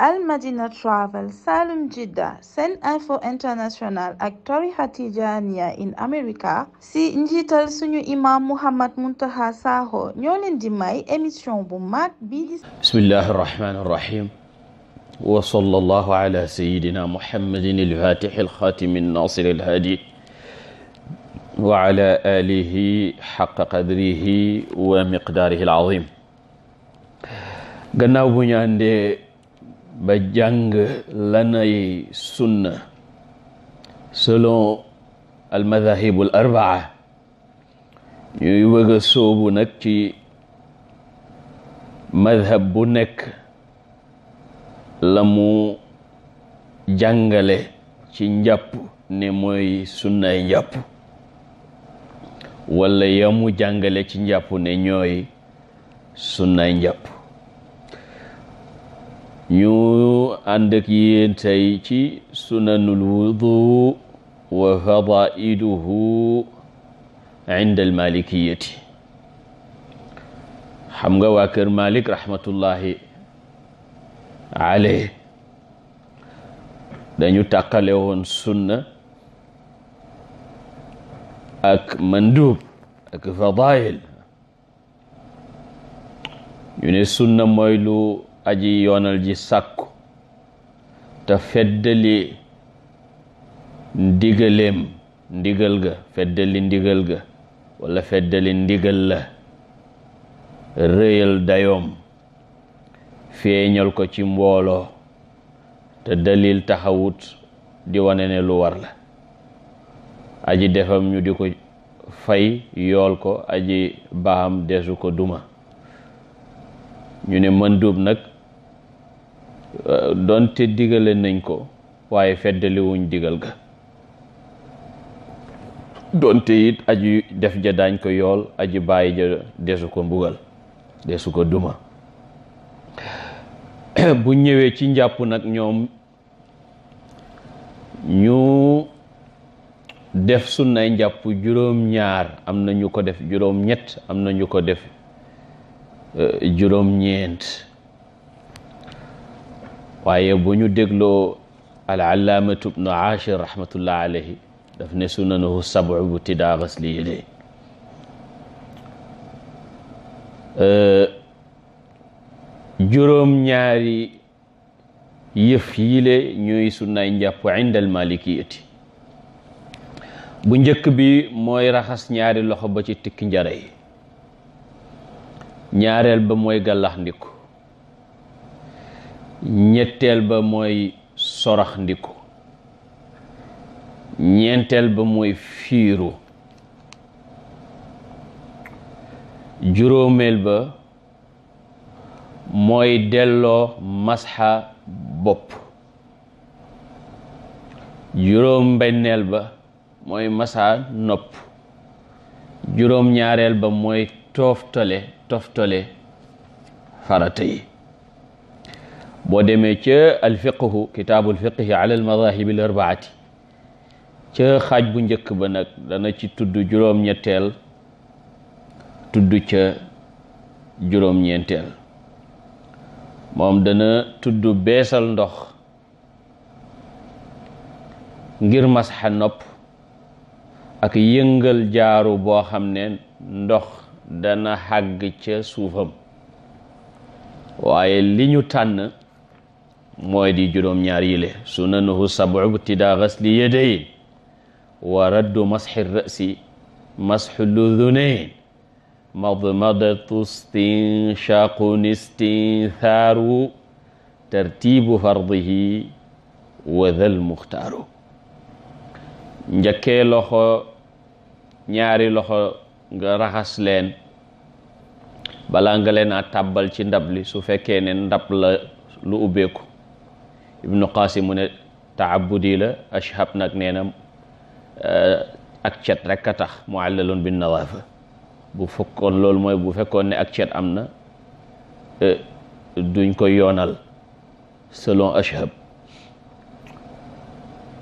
Al Madina Travel Salum Jidda SeneInfo International ak tarixa Tijaaniya in America si njiital suñu imam Mouhammad Muntaqa Sakho ñoo leen di may émission bu mag bii di bismillahi irrahmani irrahim wa sallallahu ala sayidina muhammadin alfatixi alxaatimi annaasiri alhaadi wa ala alihi xaqa qadrihi wa miqdaarihi alazim gannaaw bu ñu àndee ba jàng lanay sunna solo al madahibul arbaa ñuy wëgg a sóobu nag ci madhab bu nekk la mu jàngale ci njàpp ne mooy sunnaay njàpp walla yamu jàngale ci njàpp ne ñooy sunnaay njàpp ñu ànd ak yéen ci sunanul wudu wa fadaiduhu inda al malikiyati xam nga waa kër malik rahmatullahi alayh dañu tàqale woon sunna ak mandub ak fadail ñu ne sunna mooy lu aji yoonal ji sàkku te feddali ndigaleem ndigal ga feddali ndigal ga wala feddali ndigal la réyal dayoom feeñal ko ci mbooloo te dalil taxawut di wane ne lu war la aji defam ñu di ko fay yool ko aji baam desu ko duma ñu ne mën duub nag Euh, donte digale nañ ko waaye feddaliwuñ digal ga donte it aju def ja daañ ko yool aju bàyyi ja desu ko mbugal desu ko duma bu ñëwee ci njàpp nag ñoom ñu def sunnay njàpp juróom-ñaar am na ñu ko def juróom-ñett am na ñu ko def euh, juróom-ñeent waaye bu ñu dégloo al allaamatu bnu aashir rahmatullah alayhi daf ne sunanahu sabu bu tiddaa gasli yedee juróom ñaari yëf yiile ñuy sunnaay njàpp indal malikiyati bu njëkk bi mooy raxas ñaari loxo ba ci tikki njare yi ñaareel ba mooy gàllax ndiku ñetteel ba mooy sorax ndiku ñeenteel ba mooy fiiru juróomeel ba mooy delloo masxa bopp juróom benneel ba mooy masxa nopp juróom ñaareel ba mooy tooftale toftale farata yi boo demee ca alfiqhu kitaabul fiqhi ala almadahibi arbaati ca xaaj bu njëkk ba nag dana ci tudd juróom-ñetteel tudd ca juróom-ñeenteel moom dana tudd beesal ndox ngir masxa nopp ak yëngal jaaru boo xam ne ndox dana xàgg ca suufam waaye li tànn mooy di juróom-ñaar yile sunanuhu sabu ibtidaa xasli yadayn wa raddu masxi rasi masxu ludunayn madmadatu stinshaqun istinthaaru tartibu fardihi wa dhal muxtaaru njëkkee loxo ñaari loxo nga raxas leen balaa nga leen a tàbbal ci ndab li su fekkee ne ndab la lu ubbeeku ibnu qasim mu ne taabudi la ashhab nag nee eh, ak chet rek a tax mu àllaloon bi nadaafa bu fekkoon loolu mooy bu fekkoon ne ak cet am na eh, duñ koy yoonal selon ashhab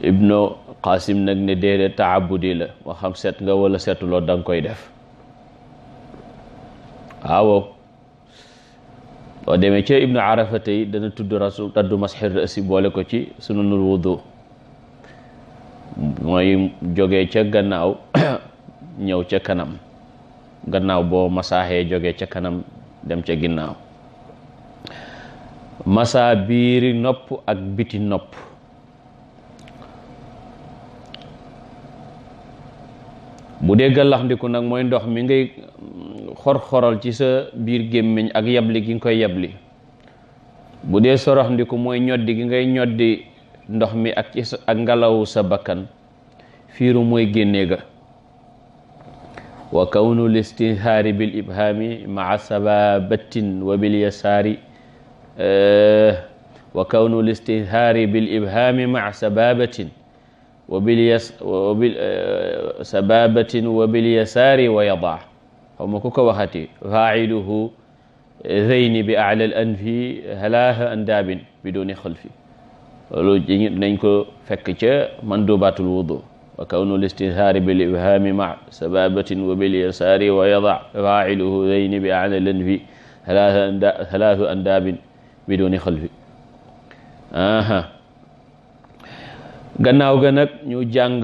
ibnu qasim nag ne déedéet taabudi la moo xam set nga wala setuloo da nga koy def waaw boo demee ca ibnu arafa tey dana tudd rasu raddu masxir boole ko ci sunanul wudu mooy jógee ca gannaaw ñëw ca kanam gannaaw boo masaaxee joge ca kanam dem ca ginnaaw masa biiri nopp ak biti nopp bu dee gàllaxndiku nag mooy ndox mi ngay xor ci sa biir gémmiñ ak yabli gi koy yabli bu dee sorox ndiku mooy ñoddi gi ngay ñoddi ndox mi ak ci ak sa bakkan fiiru mooy génne ga wa kawnu listinhaari bil ibhaami maa sababatin eh, eh, wa bil yasaari wa kawnu xaw ma ku ko waxati failuhu zeyni bi ala al anfi halaaha an daabin bi dooni xalfi loolu nañ ko fekk ca mandubatul wudu wa kawnu listizhaari bil ibhaami ma sababatin wa bil yasaari wa yada failuhu zeyni bi ala al anfi halaaha an daabin bi dooni xalfi aha gannaaw ga nag ñu jàng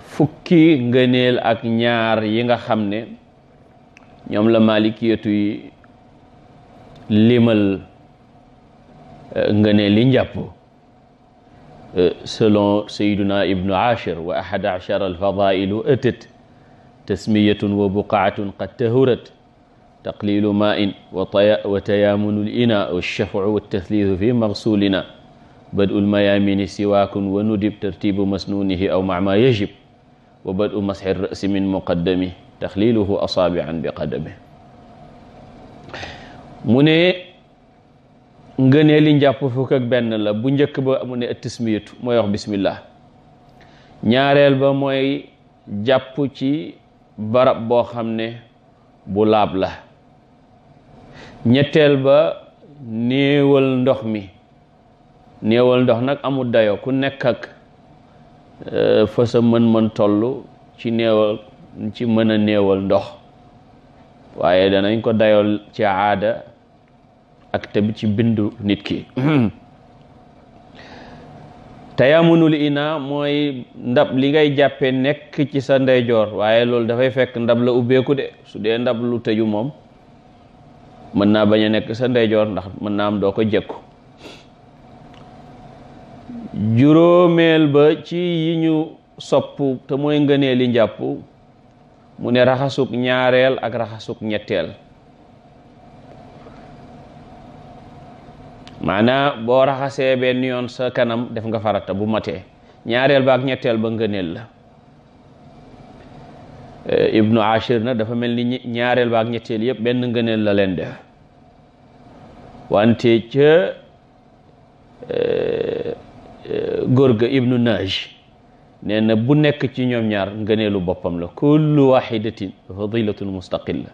fukki ngëneel ak ñaar yi nga xam ne ñoom la maalikiyatu yi limal euh, ngëneel yi njàpp euh, selon sayyiduna ibnu ashir wa ahad ashar alfadailu ëtët tasmiyatun wa buqaatun qad tahurat taqlilu main wa tayaamunu lina walchafu waltasliisu fi magsulina bad ulmayamini siwaakun wa nudib tartibu masnunihi aw maa ma yajib wa badu masxi rasi min muqaddami taxliluhu asaabian bi qadami mu ne ngënee li njàpp fukk ak benn la bu njëkk ba amu ne attismiyatu mooy wax bismillah ñaareel ba mooy jàpp ci barab boo xam ne bu laab la ñetteel ba néewal ndox mi néewal ndox nag amul dayo ku nekk Euh, fa sa mën-mën toll ci néewal ci mën a néewal ndox waaye danañ ko dayool ci aada ak tamit ci bindu nit ki tayamunul ina mooy ndab li ngay jàppe nekk ci sa ndeyjoor waaye loolu dafay fekk ndab la ubbeeku de su dee ndab lu tëju moom mën naa bañ a nekk sa ndeyjoor ndax mën naa am doo ko jekku juróomeel ba ci yi ñu sopp te mooy ngëneeli njàpp mu ne raxasug ñaareel ak raxasuk ñetteel maanaa boo raxasee benn yoon sa kanam def nga farata bu matee ñaareel ba ak ñetteel ba ngëneel la eh, ibnu ashir na dafa mel ni ñaareel ba ak ñetteel yëpp benn ngëneel la leen def wante ca eh, góor ga ibnu naj na bu nekk ci ñoom ñaar ngëneelu boppam la kullu waxidatin fadilatun mustaqilla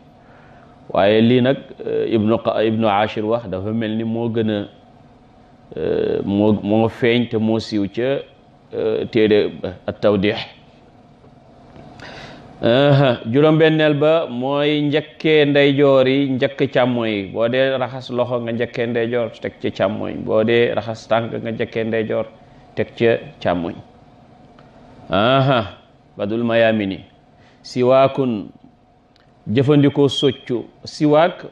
waaye lii nag eh, ibnu ibnu ashir wax dafa mel ni moo gën a eh, moo moo moo siiw ca eh, téere at tawdix juróom-benneel ba mooy njëkkee ndeyjoor yi njëkk càmmooñ yi boo dee raxas loxo nga njëkkee ndeyjoor teg ci càmmooñ boo dee raxas tànk nga njëkkee ndeyjoor teg ca càmmooñ dul badul mayaami ni siwaakun jëfandikoo soccu siwaak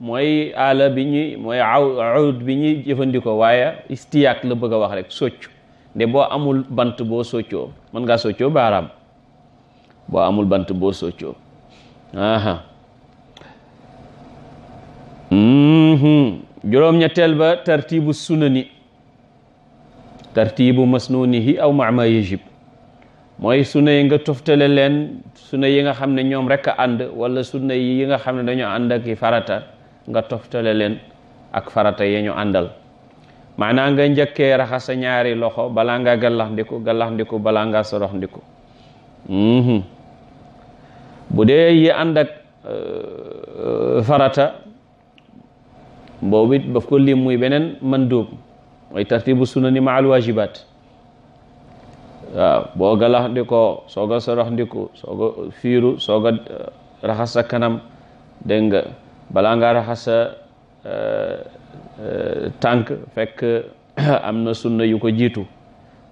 mooy aala bi ñuy mooy aw bi ñuy jëfandikoo waaye istiyaak la bëgg a wax rek soccu nde boo amul bant boo soccoo mën ngaa soccoo baaraam boo amul bant boo soccoo aha mhm. juróom-ñetteel ba tartibu sunani tartibu masnunihi aw maama yajib mooy sunna nga toftale leen sunna yi nga xam ne ñoom rek a ànd wala sunna yi nga xam ne dañoo ànd ak farata nga toftale leen ak farata yee ñu àndal maanaam nga njëkkee raxas sa ñaari loxo balaa nga gallax ndiku gallax ndiku balaa ngaa sorox ndiku mhm. bu dee yi ànd euh, farata boo it daf ko lim muy beneen man mandub mooy tartibu sunani ma al wajibat waaw boo galax ndikoo soog a sorox ndiku soog a fiiru soog a euh, raxas sa kanam dégg nga balaa ngaa raxas sa euh, tànk fekk am na sunna yu jiitu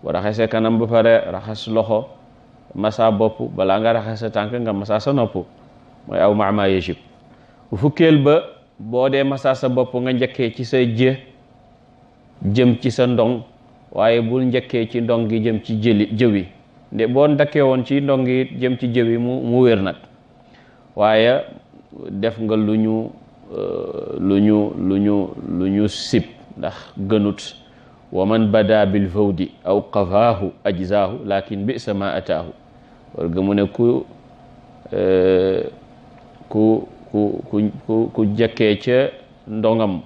boo raxasee kanam ba pare raxas loxo masa bopp balaa nga raxas sa tànk nga masa sa nopp mooy aw maama yajib bu fukkeel ba boo dee masa sa bopp nga njëkkee ci sa jë jëm ci sa ndong waaye bul njëkkee ci ndong gi jëm ci jëli jëwi nde boo ndakkee woon ci ndong jëm ci jëwi mu mu wér nag waaye def nga lu ñu euh, lu ñu lu ñu lu ñu sib ndax gënut wa man bada bi fawdi aw qafaahu ajzaahu lakin bisa ma ataahu wala mu ne eh, ku ku ku ku ku jëkkee ca ndongam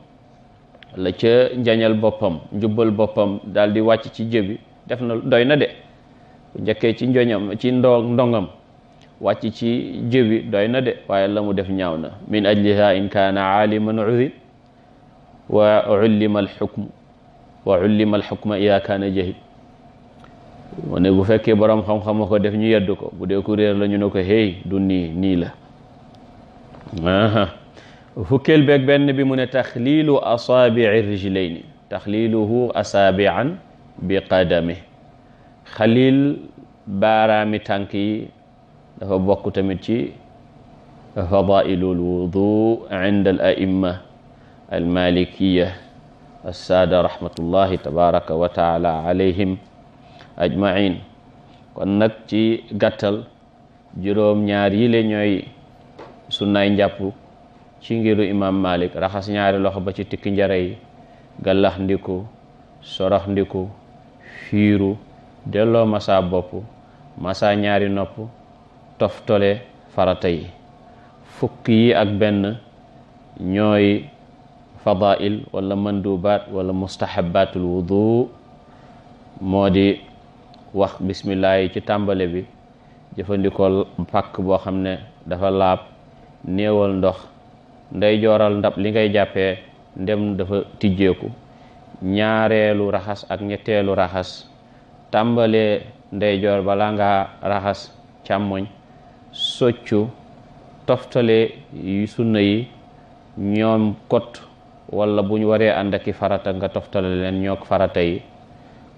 la ca njañal boppam njubbal boppam daldi di wàcc ci jëbi def na doy na de ku njëkkee ci njoñam ci ndo ndongam wàcc ci jëbi doy na de waaye la mu def ñaaw na min ajliha in kaana aaliman uzin wa ullima alxukmu wa ullima alxukma ida kaana jahil mu ne bu fekkee borom xam-xam ko def ñu yedd ko bu dee ku réer la ñu ne ko hey du nii nii la fukkeel beeg benn bi mu ne taxliilu asaabii rijlayni taxliiluhu asaabian bi qadame xalil baaraami tànk yi dafa bokk tamit ci fadailu lwudu inda al aimma almalikiya assaada rahmatullahi tabaraka wa alayhim ajmain kon nag ci gàttal juróom ñaar le ñooy sunnaay njàpp ci ngiru imam malik raxas ñaari loxo ba ci tikki njare yi gàllax ndiku sorox ndiku fiiru delloo masa bopp masa ñaari nopp toftole farata yi yi ak benn ñooy fadail wala mandubaat wala mustahabatul wudu moo di wax bismillah yi ci tàmbale bi jëfandikoo pàkk boo xam ne dafa laab neewal ndox ndey ndab li ngay jàppee ndem dafa tijjeeku ñaareelu raxas ak ñetteelu raxas tàmbale ndeyjoor balaa ngaa raxas càmmoñ soccu toftale sunna yi ñoom kot wala bu ñu waree ànd aki farata nga toftale leen ñook farata yi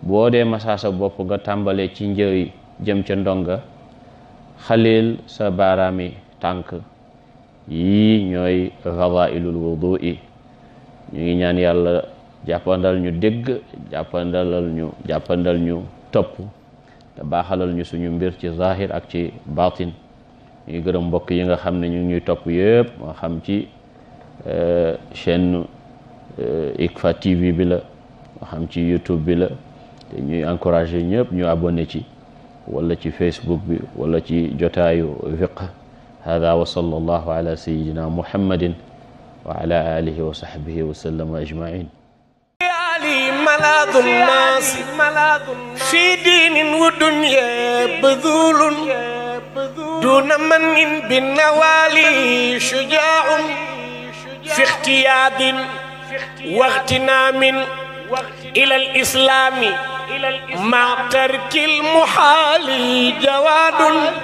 boo dee masaa sa bopp nga tàmbalee ci njëy jëm ca ndonga xalil sa baaraami tànk yii ñooy fadailul wudu yi ñu ngi ñaan yàlla jàppandal ñu dégg jàppandalal ñu jàppandal ñu topp te baaxalal ñu suñu mbir ci zahir ak ci baatin ñu ngi gërëm mbokk yi nga xam ne ñu ngi ñuy topp yëpp moo xam ci euh, chaîne ICFA euh, TV bi la ci YouTube bi la te ñuy ñu abonné ci wala ci Facebook bi wala ci jotaayu fiqh hada wa sallallahu ala sayyidina muhammadin wa ala alihi wa sahbihi wa sallama ajmain ملاذ الناس في دين ودنيا بذول دون من بالنوالي شجاع في اختياد واغتنام إلى الإسلام مع ترك المحال جواد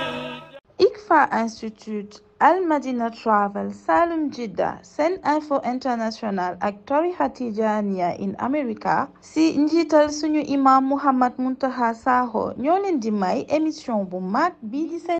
ICFA Institute Al Madina Travel Salum Jidda Sen Info International ak tarixa Tijaaniya in America si njiital suñu imam Mouhamed Muntaha Sakho ñoo di may émission bu mag bii